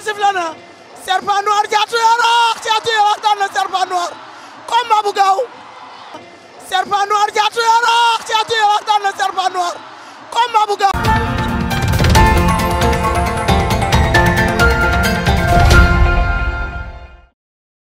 bi sifla na serpent noir caatu yor caatu yor daan na serpent noir bu gaaw serpent noir